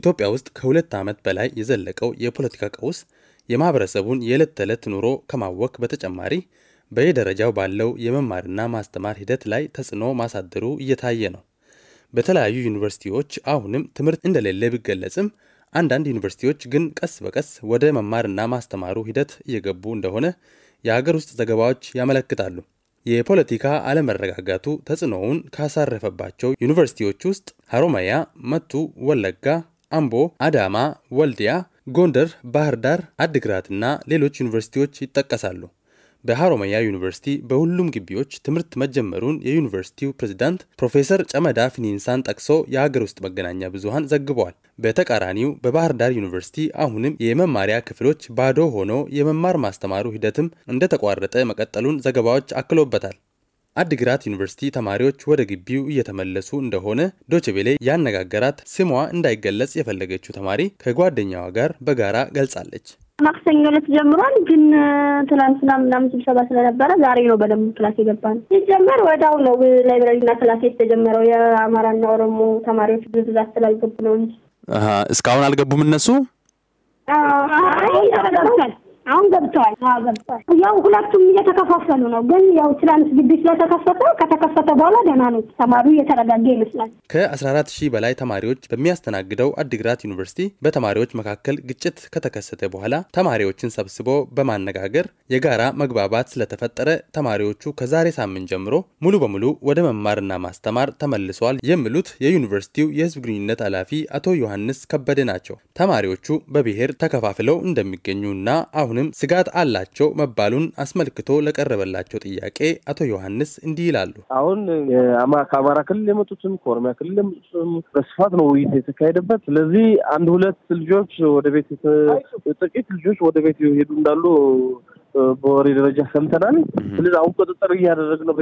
ኢትዮጵያ ውስጥ ከሁለት ዓመት በላይ የዘለቀው የፖለቲካ ቀውስ የማህበረሰቡን የዕለት ተዕለት ኑሮ ከማወክ በተጨማሪ በየደረጃው ባለው የመማርና ማስተማር ሂደት ላይ ተጽዕኖ ማሳደሩ እየታየ ነው። በተለያዩ ዩኒቨርሲቲዎች አሁንም ትምህርት እንደሌለ ቢገለጽም አንዳንድ ዩኒቨርሲቲዎች ግን ቀስ በቀስ ወደ መማርና ማስተማሩ ሂደት እየገቡ እንደሆነ የሀገር ውስጥ ዘገባዎች ያመለክታሉ። የፖለቲካ አለመረጋጋቱ ተጽዕኖውን ካሳረፈባቸው ዩኒቨርሲቲዎች ውስጥ ሀሮማያ፣ መቱ፣ ወለጋ፣ አምቦ፣ አዳማ፣ ወልዲያ፣ ጎንደር፣ ባህር ዳር፣ አድግራትና ሌሎች ዩኒቨርሲቲዎች ይጠቀሳሉ። በሀሮማያ ዩኒቨርሲቲ በሁሉም ግቢዎች ትምህርት መጀመሩን የዩኒቨርሲቲው ፕሬዝዳንት ፕሮፌሰር ጨመዳ ፊኒንሳን ጠቅሶ የሀገር ውስጥ መገናኛ ብዙሃን ዘግበዋል። በተቃራኒው በባህር ዳር ዩኒቨርሲቲ አሁንም የመማሪያ ክፍሎች ባዶ ሆኖ የመማር ማስተማሩ ሂደትም እንደተቋረጠ መቀጠሉን ዘገባዎች አክሎበታል። አድግራት ዩኒቨርሲቲ ተማሪዎች ወደ ግቢው እየተመለሱ እንደሆነ ዶችቤሌ ያነጋገራት ስሟ እንዳይገለጽ የፈለገችው ተማሪ ከጓደኛዋ ጋር በጋራ ገልጻለች። ማክሰኞ ዕለት ጀምሯል፣ ግን ትናንትና ምናምን ስብሰባ ስለነበረ ዛሬ ነው በደንብ ክላስ የገባ ነው። ሲጀመር ወዳው ነው ላይብራሪና ክላስ የተጀመረው። የአማራና ኦሮሞ ተማሪዎች ብዛት ስላልገቡ ነው እንጂ እስካሁን አልገቡም እነሱ አሁን ገብተዋል። ገብተዋል። ያው ሁለቱም እየተከፋፈሉ ነው። ግን ያው ትናንት ግቢ ስለተከፈተ ከተከፈተ በኋላ ደህና ነው፣ ተማሪው እየተረጋጋ ይመስላል። ከአስራ አራት ሺህ በላይ ተማሪዎች በሚያስተናግደው አዲግራት ዩኒቨርሲቲ በተማሪዎች መካከል ግጭት ከተከሰተ በኋላ ተማሪዎችን ሰብስቦ በማነጋገር የጋራ መግባባት ስለተፈጠረ ተማሪዎቹ ከዛሬ ሳምንት ጀምሮ ሙሉ በሙሉ ወደ መማርና ማስተማር ተመልሰዋል የሚሉት የዩኒቨርሲቲው የህዝብ ግንኙነት ኃላፊ አቶ ዮሐንስ ከበደ ናቸው። ተማሪዎቹ በብሔር ተከፋፍለው እንደሚገኙና አሁን አሁንም ስጋት አላቸው መባሉን አስመልክቶ ለቀረበላቸው ጥያቄ አቶ ዮሐንስ እንዲህ ይላሉ። አሁን ከአማራ ክልል የመጡትም ከኦሮሚያ ክልል የመጡትም በስፋት ነው ውይይት የተካሄደበት። ስለዚህ አንድ ሁለት ልጆች ወደ ቤት ጥቂት ልጆች ወደ ቤት ሄዱ እንዳሉ በወሬ ደረጃ ሰምተናል። ስለዚህ አሁን ቁጥጥር እያደረግ ነው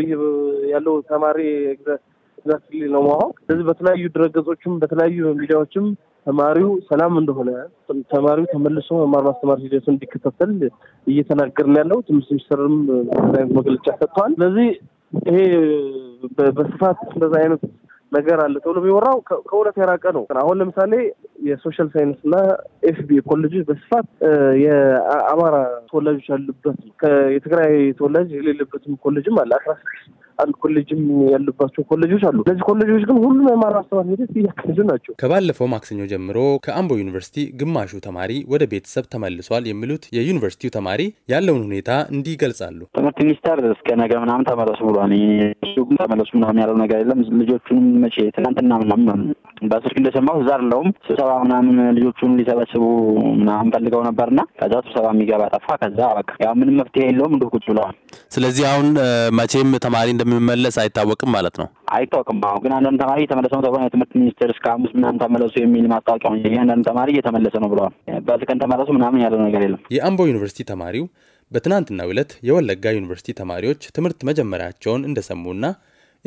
ያለው ተማሪ ግዛት ክልል ነው ማወቅ። ስለዚህ በተለያዩ ድረገጾችም በተለያዩ ሚዲያዎችም ተማሪው ሰላም እንደሆነ ተማሪው ተመልሶ መማር ማስተማር ሂደቱ እንዲከታተል እየተናገርን ያለው ትምህርት ሚኒስትርም መግለጫ ሰጥተዋል። ስለዚህ ይሄ በስፋት እንደዚ አይነት ነገር አለ ተብሎ የሚወራው ከእውነት የራቀ ነው። አሁን ለምሳሌ የሶሻል ሳይንስ እና ኤፍቢ ኮሌጆች በስፋት የአማራ ተወላጆች ያሉበት የትግራይ ተወላጅ የሌለበትም ኮሌጅም አለ አስራ ስድስት አንድ ኮሌጅም ያሉባቸው ኮሌጆች አሉ። እነዚህ ኮሌጆች ግን ሁሉም የመማር ሂደት እያካሄዱ ናቸው። ከባለፈው ማክሰኞ ጀምሮ ከአምቦ ዩኒቨርሲቲ ግማሹ ተማሪ ወደ ቤተሰብ ተመልሷል የሚሉት የዩኒቨርሲቲው ተማሪ ያለውን ሁኔታ እንዲህ ይገልጻሉ። ትምህርት ሚኒስቴር እስከ ነገ ምናምን ተመለሱ ብሏል። ተመለሱ ምናምን ያለው ነገር የለም። ልጆቹንም መቼ ትናንትና ምናምን በስልክ እንደሰማሁ እዛ አለውም ስብሰባ ምናምን ልጆቹን ሊሰበስቡ ምናምን ፈልገው ነበርና ከዛ ስብሰባ የሚገባ ጠፋ። ከዛ በቃ ያው ምንም መፍትሄ የለውም እንዲሁ ቁጭ ብለዋል። ስለዚህ አሁን መቼም ተማሪ እንደ እንደሚመለስ አይታወቅም ማለት ነው። አይታወቅም። አሁ ግን አንዳንድ ተማሪ የተመለሰ ነው ተብሏል። የትምህርት ሚኒስቴር እስከ ሐሙስ ምናምን ተመለሱ የሚል ማስታወቂያ እያንዳንዱ ተማሪ እየተመለሰ ነው ብለዋል። በዚህ ቀን ተመለሱ ምናምን ያለው ነገር የለም። የአምቦ ዩኒቨርሲቲ ተማሪው በትናንትናው ዕለት የወለጋ ዩኒቨርሲቲ ተማሪዎች ትምህርት መጀመሪያቸውን እንደሰሙና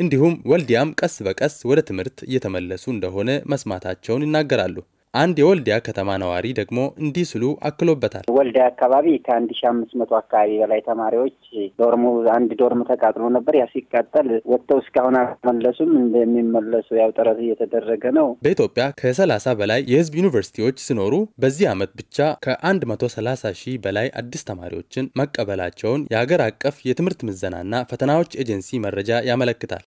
እንዲሁም ወልዲያም ቀስ በቀስ ወደ ትምህርት እየተመለሱ እንደሆነ መስማታቸውን ይናገራሉ። አንድ የወልዲያ ከተማ ነዋሪ ደግሞ እንዲህ ስሉ አክሎበታል። ወልዲያ አካባቢ ከአንድ ሺ አምስት መቶ አካባቢ በላይ ተማሪዎች ዶርሙ አንድ ዶርም ተቃጥሎ ነበር። ያ ሲቃጠል ወጥተው እስካሁን አልመለሱም። እንደሚመለሱ ያው ጥረት እየተደረገ ነው። በኢትዮጵያ ከሰላሳ በላይ የህዝብ ዩኒቨርሲቲዎች ሲኖሩ በዚህ ዓመት ብቻ ከአንድ መቶ ሰላሳ ሺህ በላይ አዲስ ተማሪዎችን መቀበላቸውን የሀገር አቀፍ የትምህርት ምዘናና ፈተናዎች ኤጀንሲ መረጃ ያመለክታል።